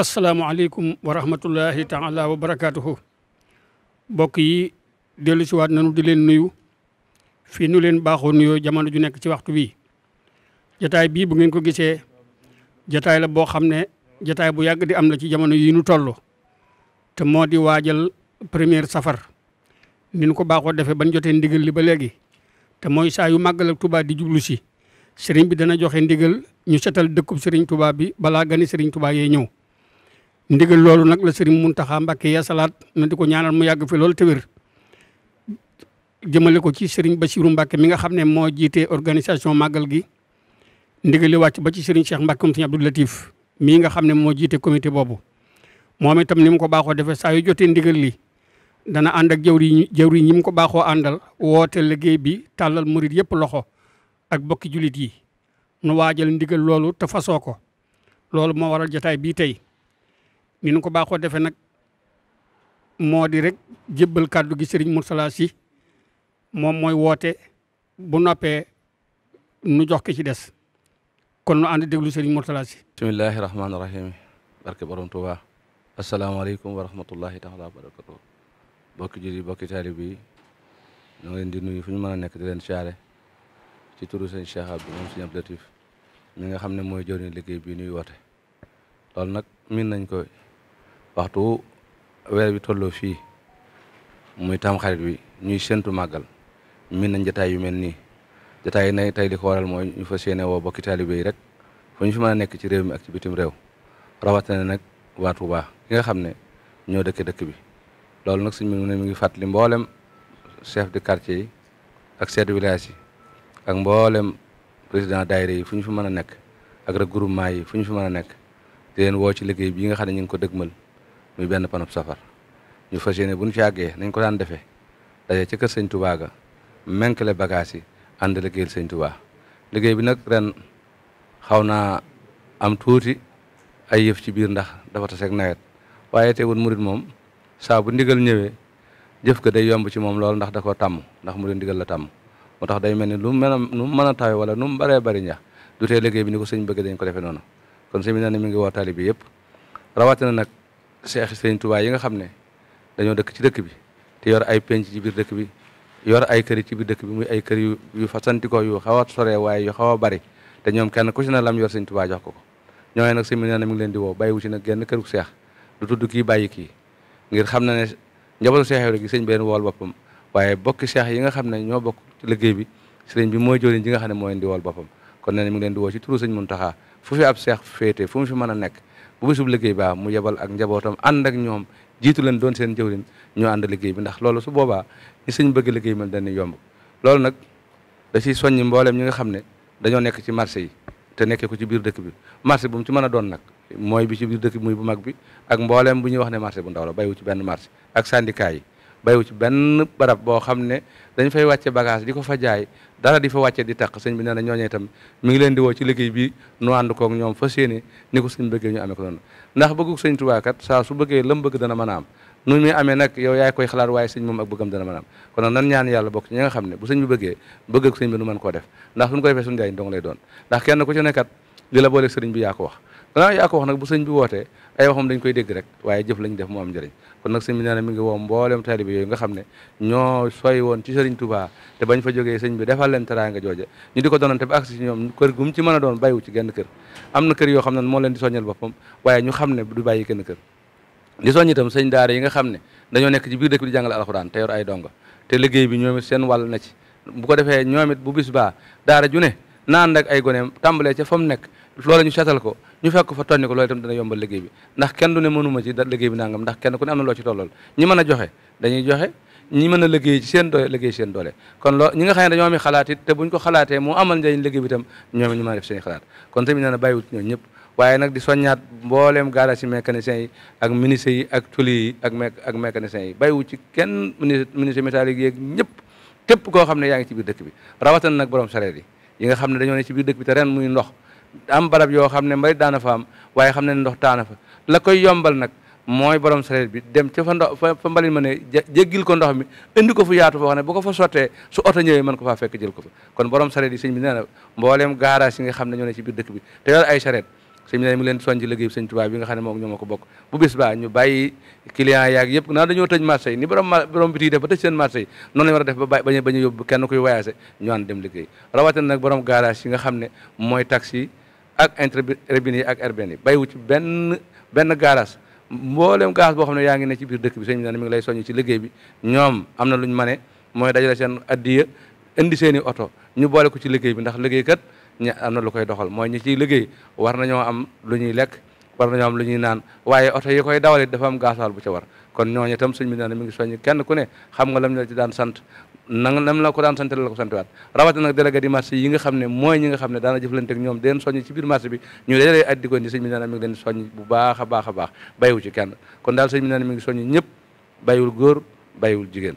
asalaamaaleykum wa rahmatullahi taala wa barakaatuhu mbokk yi dellu si waat nanu di leen nuyu fii nu leen baaxoo nuyoo jamono ju nekk ci waxtu bii jataay bii bu ngeen ko gisee jataay la boo xam ne jataay bu yàgg di am la ci jamono yi nu toll te moo di waajal première safar ni nu ko baaxoo defee ban jotee ndigal li ba léegi te mooy saa yu màggal ak Tuubaa di jublu si sëriñ bi dana joxe ndigal ñu setal dëkkub sëriñ Tuubaa bi balaa gani sëriñ Tuubaa yee ñëw ndigal loolu nag la sëriñ Muntaxa Mbàkke ya salaat na di ko ñaanal mu yàgg fi loolu te wér jëmale ko ci sëriñ Basiiru Mbàkke mi nga xam ne moo jiite organisation màggal gi ndigal li wàcc ba ci sëriñ Cheikh Mbàkke moom sëriñ Abdou Latif mii nga xam ne moo jiite comité boobu moom itam ni mu ko baaxoo defee saa jotee ndigal li dana ànd ak jawri jawri ñi mu ko baaxoo àndal woote liggéey bi tàllal murit yëpp loxo ak bokki julit yi nu waajal ndigal loolu te ko loolu moo waral jotaay bii tey ni nu ko baaxoo defee nag moo di rek jébbal kàddu gi sëriñ Mourtala si moom mooy woote bu noppee nu jox ki ci des kon nu ànd déglu Serigne Mourtala Sy. bismillahi rahmaani rahim barke borom Tuuba asalaamaaleykum wa rahmatullahi taala wa barakatuh bokki jur yi bokki taalib yi ñoo ngi leen di nuyu fu ñu mën a nekk di leen siyaare ci turu sëñ Cheikh Abdou moom sëñ Abdou mi nga xam ne mooy jëriñu liggéey bi nuy woote loolu nag miin nañ ko waxtu weer bi tolloo fii muy tam xarit bi ñuy séntu màggal min nañ jataay yu mel nii jataay yi nay tey li ko waral mooy ñu fa yéene woo bokki taalibe yi rek fu ñu fi mën a nekk ci réew mi ak ci bitim réew rawatina nag waa Tuuba nga xam ne ñoo dëkk dëkk bi loolu nag suñu ne mi ngi fàttali mboolem chef de quartier yi ak chef de yi ak mboolem président daayira yi fu ñu fi mën a nekk ak regroupement yi fu ñu fi mën a nekk di woo ci liggéey bi nga xam ne ñu ngi ko dëgmal muy benn panub safar ñu fa yéene bu ñu ci àggee nañ ko daan defee daje ci kër sëñ Touba ga menkale bagages yi ànd liggéeyal sëñ Touba liggéey bi nag ren xaw naa am tuuti ay yëf ci biir ndax dafa taseeg nawet waaye te teewul murit moom saa bu ndigal ñëwee jëf ko day yomb ci moom lool ndax da koo tàmm ndax mu ndigal la tàmm moo tax day mel ni lu mu mën a nu mu mën a tawe wala nu mu bëree bëri ñax du tee liggéey bi ni ko sëñ bëgg dañ ko defee noonu kon sëñ bi nee woo tali bi yëpp seexi sëriñ Tuubaa yi nga xam ne dañoo dëkk ci dëkk bi te yor ay penc ci biir dëkk bi yor ay kër ci dëkk bi muy ay kër yu yu fasantikoo yu xaw a sore waaye yu xaw a bari te ñoom kenn ku ci na lam yor sëriñ Tuubaa jox ko ko ñooñu nag sëriñ bi na mi ngi leen di woo bàyyiwu ci na genn këru seex du tudd kii bàyyi kii ngir xam na ne njabootu seex yi rek sëñ bi wool boppam waaye bokki seex yi nga xam ne ñoo bokk ci liggéey bi sëriñ bi mooy jëriñ ji nga xam ne moo leen di wool boppam kon nee na mi ngi leen di woo ci turu sëñ Muntaxa fu fi ab seex féete fu mën a nekk bu bésub liggéey baa mu yebal ak njabootam ànd ak ñoom jiitu leen doon seen jëw jëwriñ ñoo ànd liggéey bi ndax loolu su boobaa ñi sëñ bëgg liggéey man dañuy yomb loolu nag da ciy soññi mbooleem ñi nga xam ne dañoo nekk ci marché yi te nekkee ko ci biir dëkk bi marché bu mu ci mën a doon nag mooy bi ci biir dëkk bi muy bu mag bi ak mboolem bu ñu wax ne marché bu ndaw la bàyyiwu ci benn marché ak syndicat bayiwu ci benn barab boo xam ne dañ fay wàcce bagage di ko fa jaay dara di fa wàcce di taq sëñ bi nee na ñooñee itam mi ngi leen di woo ci liggéey bi nu ànd koog ñoom fas yéene ni ko suñ bëggee ñu amee ko noonu ndax bëggu sëñ Tuubaa kat su bëggee lam bëgg dana mën a am nu muy amee nag yow yaay koy xalaat waaye sëñ moom ak bëggam a am kon ñaan yàlla bokk ci ñi nga ne bu sëñ bi bëggee bëgg ak sëñ bi nu mën koo def ndax suñ ko defee suñ jaay dong lay doon ndax kenn ku ci nekkat li la booleeg sëriñ bi yaa ko wax gannaaw yaa ko wax nag bu sëñ bi wootee ay waxam dañ koy dégg rek waaye jëf lañu def mu am njëriñ kon nag sëñ bi nee na mi ngi woo mboolem taalibe yooyu nga xam ne ñoo sooy woon ci sëriñ Touba te bañ fa jógee sëñ bi defal leen teraanga jooje di ko donante ba agsi ci ñoom kër gum ci a doon bàyyiwu ci genn kër am na kër yoo xam ne moo leen di soññal boppam waaye ñu xam ne du bàyyi kenn kër di soññ itam sëñ daara yi nga xam ne dañoo nekk ci biir dëkk bi di jàngale alxuraan te yor ay donga te liggéey bi ñoom it seen wal na ci bu ko defee ñoom it bu bis baa daara ju ne naan rek ay gone tàmbalee ca fa mu nekk loola ñu seetal ko ñu fekk fa tonni ko loolu itam dana yombal liggéey bi ndax kenn du ne mënuma ci da liggéey bi nangam ndax kenn ku ne am na loo ci tollool ñi mën a joxe dañuy joxe ñi mën a liggéey seen liggéey seen doole kon loo ñi nga xam ne dañoo am xalaat te buñ ko xalaatee mu amal njëriñ liggéey bi itam ñoom ñu mën a def seen xalaat kon tamit nee na ñëpp waaye nag di soññaat mbooleem garage yi mécaniciens yi ak menuisiers yi ak tôliers yi ak mé yi bàyyiwut ci kenn menuisier métallique yeeg ñëpp képp koo xam ne yaa ngi ci biir dëkk bi rawatan nag borom sareet yi yi nga xam ne dañoo ne ci biir dëkk bi te ren muy ndox am barab yoo xam ne mbay daana fa am waaye xam ne ndox taana fa la koy yombal nag mooy borom sareet bi dem ca fa ndox fa mbalit ma ne jéggil ko ndox mi indi ko fu yaatu foo xam ne bu ko fa su oto ñëwee mën ko faa fekk jël ko fa kon borom sareet yi sëñ bi nee na mbooleem garage yi nga xam ne ñoo ne ci dëkk bi te yor ay sareet sëñ bi ne leen soññ ci liggéey sëñ Tuubaa bi ñoo ma ko bokk bu bis baa ñu bàyyi client yaag seen marché a a yóbbu kenn nga xam ne mooy taxi ak interurbain yi ak urbain yi bàyyiwu ci benn benn garage mboolem garage boo xam ne yaa ngi ne ci biir dëkk bi sëñ bi ne mi ngi lay soññ ci liggéey bi ñoom am na luñ mane mooy dajale seen addiya indi seen i oto ñu boole ko ci liggéey bi ndax liggéeykat ña am na lu koy doxal mooy ñi ciy liggéey war nañoo am lu ñuy lekk war nañoo am lu ñuy naan waaye oto yi koy dawal it dafa am gaasuwaal bu ca war kon ñooñu itam suñ bi mi ngi soññi kenn ku ne xam nga lam la ci daan sant nang nam ko daan sant la ko santiwaat rawatina nag délégué di marché yi nga xam ne mooy ñi nga xam ne daana jëflante ak ñoom deen soññ ci biir marché bi ñu dalee at di ko ni mi ngi leen bu baax a baax a baax bàyyiwu ci kenn kon daal sañ bi nee na mi ngi soññ ñëpp bàyyiwul góor bàyyiwul jigéen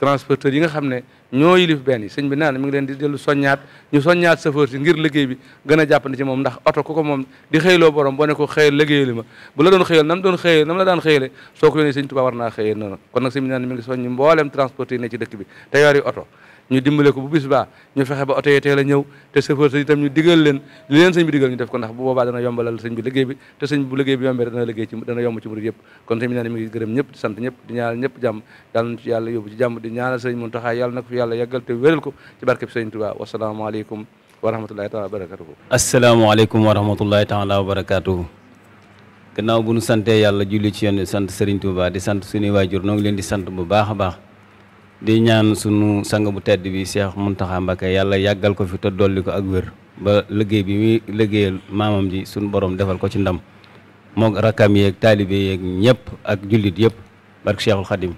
transporteurs yi nga xam ne ñoo yilif benn yi bi nee na ngi leen di dellu soññaat ñu soññaat chauffeur si ngir liggéey bi gën a jàppandi ci moom ndax oto ku ko moom di xëyloo borom boo ne ko xëyal liggéeyali ma bu la doon xëyal nam doon xëyal nam la daan xëyale soo ko yónnee sëñ Tuubaa war naa xëyal noonu kon nag sëñ bi nee na soññi mboolem transporteurs ne ci dëkk bi te yori oto ñu dimbale ko bu bis baa ñu fexe ba oto yi teel a ñëw te chauffeur itam ñu leen li leen sëñ ko ndax boobaa dana yombalal sëñ bi liggéey bi te sëñ bu liggéey bi yombee dana liggéey ci wa rahmatullahi taala wa barakatuhu asalaamaaleykum wa rahmatullahi taala wa barakatuhu gannaaw bu ñu santee yàlla julli ci yoon sant sëriñ Tuubaa di sant suñuy waajur noo ngi leen di sant bu baax baax di ñaan sunu sang bu tedd bi Cheikh Mountakha Mbacké yàlla yàggal ko fi te dolli ko ak wér ba liggéey bi muy liggéeyal maamam ji sunu borom defal ko ci ndam moog rakkam yeeg taalibe yeeg ñëpp ak jullit yëpp barke Cheikhul Khadim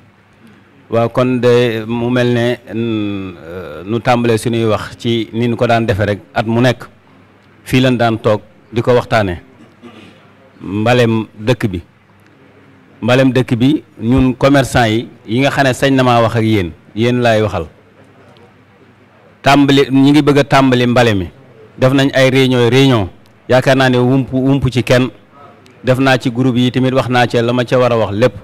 waaw kon de mu mel ne euh, nu tàmbalee suñuy wax ci ni ñu ko daan defee rek at mu nekk fii lañ daan toog di ko waxtaanee mbalem dëkk bi mbalem dëkk bi ñun commerçant yi yi nga xam ne sañ na maa wax ak yéen yéen laay waxal tàmbali ñi ngi bëgg a tàmbali mbale mi def nañ ay réunion réunion yaakaar naa ne wump wump ci kenn def naa ci groupe yi tamit wax naa ci la ma ca war a wax lépp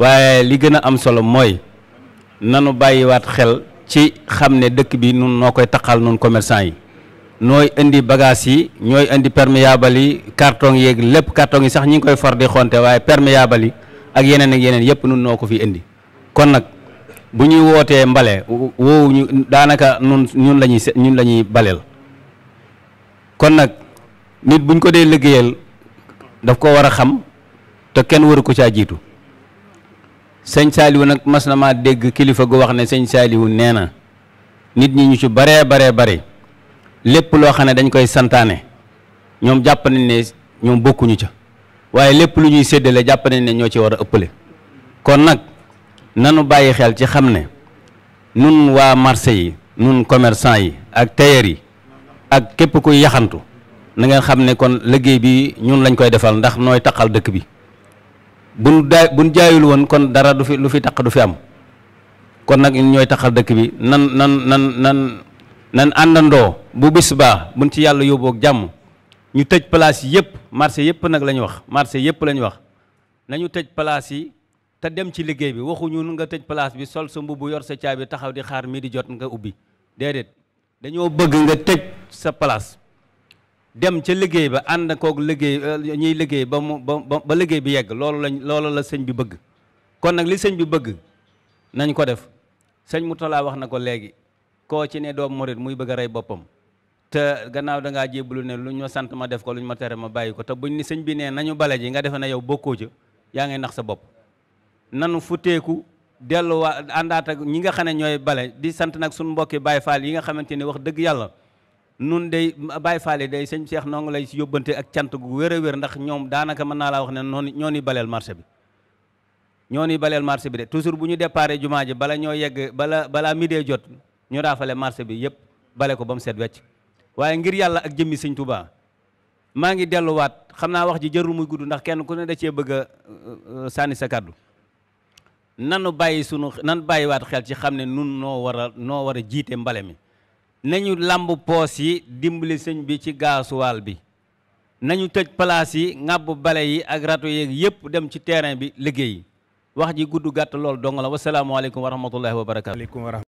waaye li gën a am solo mooy nanu bàyyiwaat xel ci xam ne dëkk bi nun noo koy taqal nun commerçant yi nooy indi bagage yi ñooy indi perméable yi carton yeeg lépp carton yi sax ñi ngi koy far di xonte waaye perméable yi ak yeneen ak yeneen yëpp nun noo ko fi indi kon nag bu ñuy wootee mbale woowu ñu daanaka nun ñun la ñun la ñuy baleel kon nag nit buñ ko dee liggéeyal daf ko war a xam te kenn waru ko caa jiitu sëñ Saaliwu nag mas na maa dégg kilifa gu wax ne sëñ Saaliwu nee na nit ñi ñu ci baree baree bare lépp loo xam ne dañ koy santaane ñoom jàpp nañ ne ñoom bokkuñu ca waaye lépp lu ñuy séddale jàpp ne ñoo ci war a ëppale kon nag nanu bàyyi xel ci xam ne nun waa marché yi nun commerçant yi ak tailleur yi ak képp kuy yaxantu na ngeen xam ne kon liggéey bi ñun lañ koy defal ndax nooy taqal dëkk bi buñ daa buñ jaayul woon kon dara du fi lu fi taq du fi am kon nag ñooy taqal dëkk bi nan nan nan nan àndandoo bu bis baa buñ ci yàlla yóbboog jàmm ñu tëj place yi yëpp marché yëpp nag la ñu wax marché yëpp la wax nañu tëj place yi te dem ci liggéey bi waxuñu nga tëj place bi sol sa mbubb yor sa caabi taxaw di xaar mii di jot nga ubbi déedéet dañoo bëgg nga tëj sa place dem ca liggéey ba ànd koog liggéey euh, ñuy liggéey ba mu ba liggéey bi yegg loolu lañ loolu la sëñ bi bëgg kon nag li sëñ bi bëgg nañ ko def sëñ Moutalla wax na ko léegi koo ci ne doom murit muy bëgg rey boppam te gannaaw da ngaa jébbalu ne lu ñu ma sant ma def ko lu ñu ma tere ma bàyyi ko te buñ ni sëñ bi ne nañu bale ji nga defe ne yow bokkoo ca yaa ngay nax sa bopp nanu futeeku delluwaa àndaat ak ñi nga xam ne ñooy bale di sant nag suñ mbokki Baay Faal yi nga xamante ne wax dëgg yàlla nun day Baay Faal day sëñ Cheikh noo ngi lay yóbbante ak cant gu wér a wér ndax ñoom daanaka mën naa laa wax ne noonu ñoo ni baleel marché bi ñoo nii baleel marché bi de toujours bu ñu déparé jumaa ji bala ñoo yegg bala balaa midee jot ñu raafale marché bi yëpp bale ko ba mu set wecc waaye ngir yàlla ak jëmmi sëñ Touba maa ngi delluwaat xam naa wax ji jarul muy gudd ndax kenn ku ne da cee bëgg euh, sànni sa kàddu nanu bàyyi sunu nan bàyyiwaat xel ci xam ne nun noo war a noo war a jiite mbale mi nañu làmb poos yi dimbali sëñ bi ci gaasuwaal bi nañu tëj place yi ŋàbb bale yi ak rato yeeg yëpp dem ci terrain bi liggéey wax ji gudd gàtt lool dong la wasalaamualeykum wa rahmatullahi wa barakatu